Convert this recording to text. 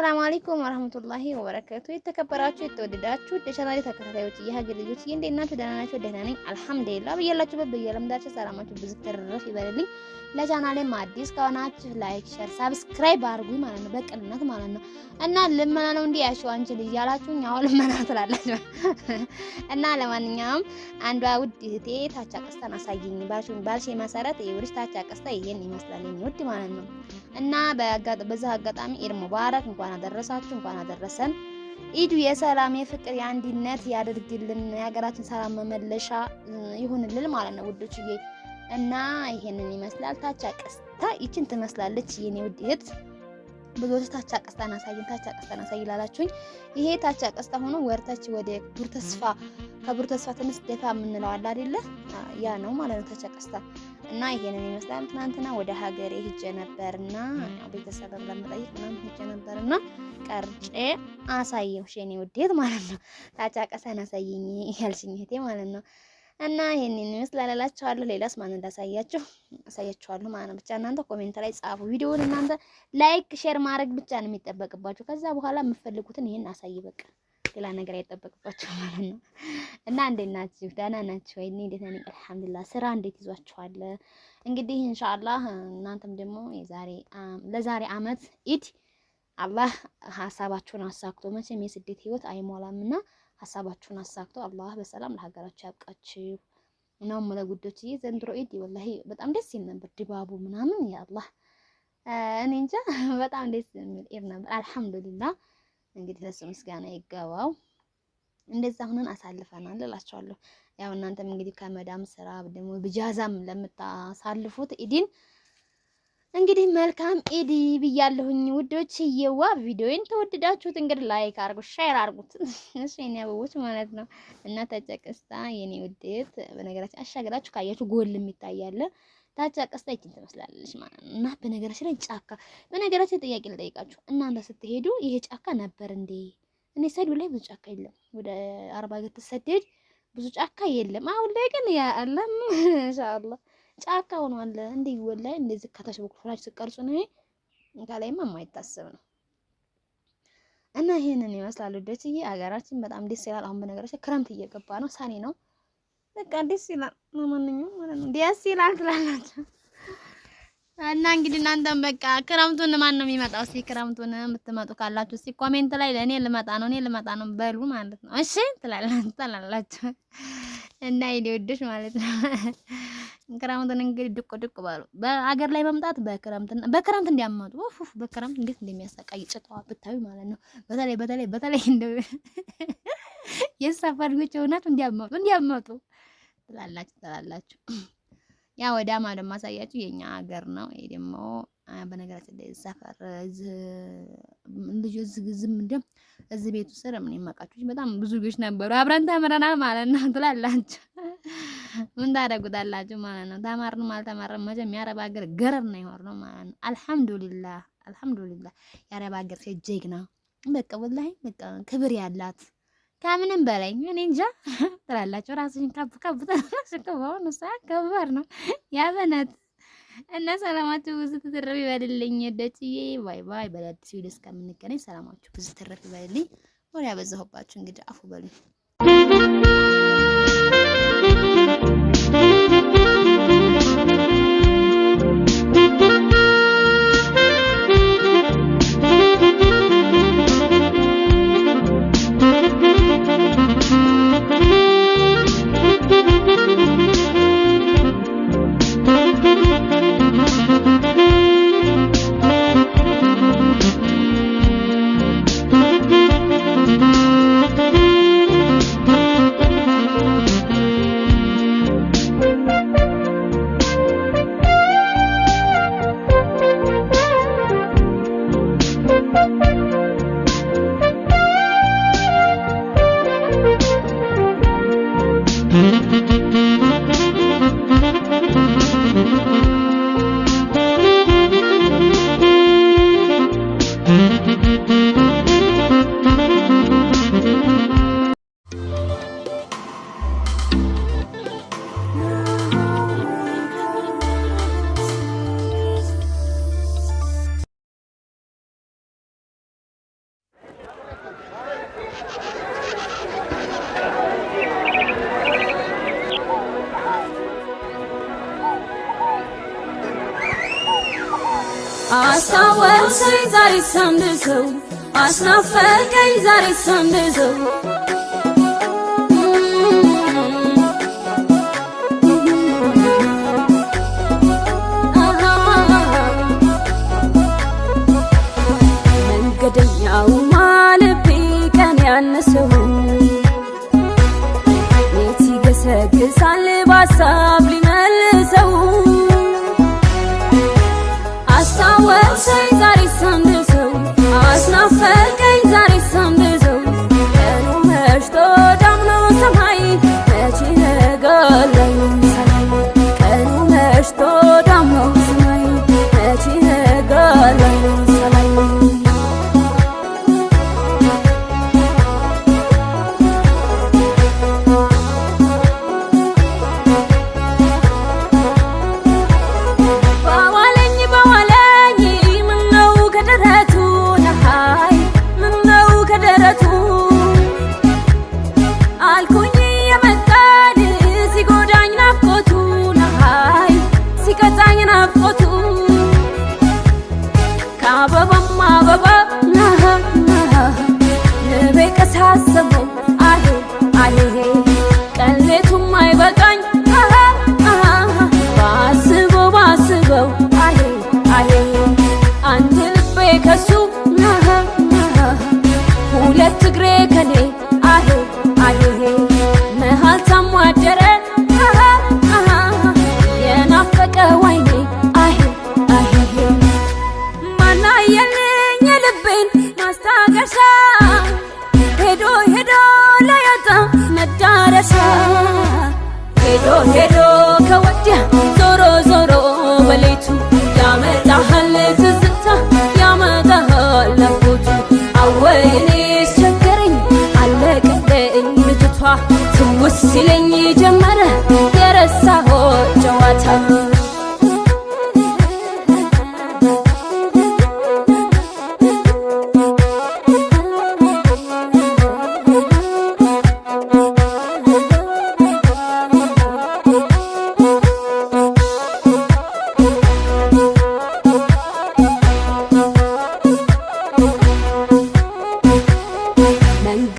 አሰላሙ አለይኩም ወራህመቱላሂ ወበረከቱ። የተከበራችሁ የተወደዳችሁ የቻናሌ ተከታታዮች የሀገር ልጆች እንዴት ናችሁ? ደህና ናችሁ? ደህና ነኝ አልሐምዱሊላህ። በያላችሁበት በየለምዳችሁ ሰላማችሁ ብዙ ትርፍ ይበልልኝ። ለቻናሌም አዲስ ከሆናችሁ ላይክ፣ ሼር፣ ሳብስክራይብ አድርጉኝ ማለት ነው በቅንነት ማለት ነው። እና ልመና ነው እንዲህ ያልሽው አንቺ ልጅ ያላችሁኝ አሁን ልመና ትላላችሁ። እና ለማንኛውም አንዷ ውድ እህቴ ታች አቀስታን አሳይኝ ባልሽኝ ባልሽኝ መሰረት ይኸውልሽ ታች አቀስታ ይሄን ይመስላል የሚወድ ማለት ነው። እና በዛ አጋጣሚ ኢድ ሙባረክ እንኳን እንኳን አደረሳችሁ፣ እንኳን አደረሰን። ኢዱ የሰላም የፍቅር የአንድነት ያደርግልን፣ የሀገራችን ሰላም መመለሻ ይሁንልን ማለት ነው ውዶችዬ። እና ይሄንን ይመስላል ታቻ ቀስታ ይችን ትመስላለች የኔ ውድ እህት። ብዙዎች ታቻ ቀስታ እናሳይን ታቻ ቀስታ እናሳይ ይላላችሁኝ። ይሄ ታቻ ቀስታ ሆኖ ወርታች ወደ ቡር ተስፋ ከቡር ተስፋ ትንሽ ደፋ የምንለው አለ አይደለ? ያ ነው ማለት ነው ታቻ ቀስታ። እና ይሄንን ይመስላል። ትናንትና ወደ ሀገሬ ሂጄ ነበርና ቤተሰብን ለመጠየቅ ምናምን ሂጄ ነበርና ቀርጬ አሳየሁሽ የኔ ውዴት ማለት ነው። ታጫቀሳን አሳየኝ ያልሽኝ እህቴ ማለት ነው። እና ይሄንን ይመስላል እላችኋለሁ። ሌላስ ማን እንዳሳያችሁ አሳያችኋለሁ ማለት ነው። ብቻ እናንተ ኮሜንት ላይ ጻፉ። ቪዲዮውን እናንተ ላይክ፣ ሼር ማድረግ ብቻ ነው የሚጠበቅባችሁ። ከዛ በኋላ የምትፈልጉትን ይሄን አሳይ በቃ ሌላ ነገር አይጠበቅባቸው ማለት ነው። እና እንዴት ናችሁ? ደህና ናችሁ ወይ? እኔ ደህና ነኝ አልሐምዱሊላህ። ስራ እንዴት ይዟችኋል? እንግዲህ ኢንሻአላህ እናንተም ደግሞ የዛሬ ለዛሬ አመት ኢድ አላህ ሀሳባችሁን አሳክቶ መቼም የስደት ህይወት አይሟላምና ሀሳባችሁን አሳክቶ አላህ በሰላም ለሀገራችሁ ያብቃችሁ ነው የምለው ጉዶችዬ። ዘንድሮ ኢድ ወላሂ በጣም ደስ ይል ነበር ድባቡ ምናምን የአላህ እኔ እንጃ በጣም ደስ የሚል ኢድ ነበር አልሐምዱሊላህ። እንግዲህ ለሱ ምስጋና ይገባው። እንደዛ ሁነን አሳልፈናል እላችኋለሁ። ያው እናንተም እንግዲህ ከመዳም ስራ ደግሞ ብጃዛም ለምታሳልፉት ኢዲን እንግዲህ መልካም ኢዲ ብያለሁኝ ውዶች። እየዋ ቪዲዮን ተወደዳችሁት እንግዲህ ላይክ አርጉ፣ ሼር አርጉት። እሺ የኔ አበቦች ማለት ነው እና ተጨቅስታ የኔ ውዴት በነገራችን አሻግራችሁ ካያችሁ ጎልም ይታያል። ታች ቀስታ ይችን ትመስላለች ማለት ነው። እና በነገራችን ላይ ጫካ በነገራችን ጥያቄ ልጠይቃችሁ። እናንተ ስትሄዱ ይሄ ጫካ ነበር እንዴ? እኔ ሰዱ ላይ ብዙ ጫካ የለም። ወደ አርባ ሀገር ትሰደድ ብዙ ጫካ የለም። አሁን ላይ ግን ያ አለ ኢንሻአላህ ጫካ አለ እንዴ ወላይ እንደዚህ ከታች በኩል ሆናችሁ ስትቀርጹ ነው። ከላይማ የማይታሰብ ነው። እና ይሄንን ይመስላል ውዶችዬ። ሀገራችን በጣም ደስ ይላል። አሁን በነገራችን ክረምት እየገባ ነው። ሳኔ ነው በቃ ደስ ይላል። ለማንኛውም ማለት ነው ደስ ይላል ትላላችሁ እና እንግዲህ እናንተም በቃ ክረምቱን ማን ነው የሚመጣው? እስኪ ክረምቱን የምትመጡ ካላችሁ እስኪ ኮሜንት ላይ ለእኔ ልመጣ ነው እኔ ልመጣ ነው በሉ ማለት ነው። እሺ ትላላችሁ እና ማለት ነው። ክረምቱን እንግዲህ ድቁ ድቁ በሉ። በአገር ላይ መምጣት በክረምት በክረምት እንዲያመጡ ኡፍ በክረምት እንዴት እንደሚያሰቃይ ብታዩ ማለት ነው። በተለይ በተለይ በተለይ እንደው የሰፈር ልጆች እንዲያመጡ እንዲያመጡ ትላላችሁ ትላላችሁ። ያ ወዳማ ደግሞ አሳያችሁ የኛ ሀገር ነው። ይሄ ደግሞ በነገራችን ላይ ሰፈር ልጆች ዝግዝም እንደም እዚህ ቤቱ ስር ምን ይመቃችሁ በጣም ብዙ ልጆች ነበሩ። አብረን ተምረናል ማለት ነው ትላላችሁ። ምን ታደርጉታላችሁ ማለት ነው። ተማርን ማለት ተማርን መቼም የአረብ ሀገር ገረር ነው ነው ማለት ነው። አልሐምዱሊላህ አልሐምዱሊላህ። የአረብ ሀገር ሴት ጀግና በቃ ወላሂ በቃ ክብር ያላት ከምንም በላይ እኔ እንጃ ትላላቸው። ራስሽን ከብ ከብ ተራሽን ከባውን ሰዓት ከባድ ነው ያበናት እና ሰላማችሁ ብዙ ትትረፍ ይበልልኝ። ደችዬ ባይ ባይ። በአዲስ ቪዲዮ እስከምንገናኝ ሰላማችሁ ብዙ ትትረፍ ይበልልኝ። ወሬ ያበዛሁባችሁ እንግዲህ አፉ በሉኝ። አስታወሰኝ ዛሬ አስናፈቀኝ ዛሬ ሰው ይገሰግሳል ባሳብ ሊመ ትውስ ሲለኝ ጀመረ የረሳሆ ጨዋታ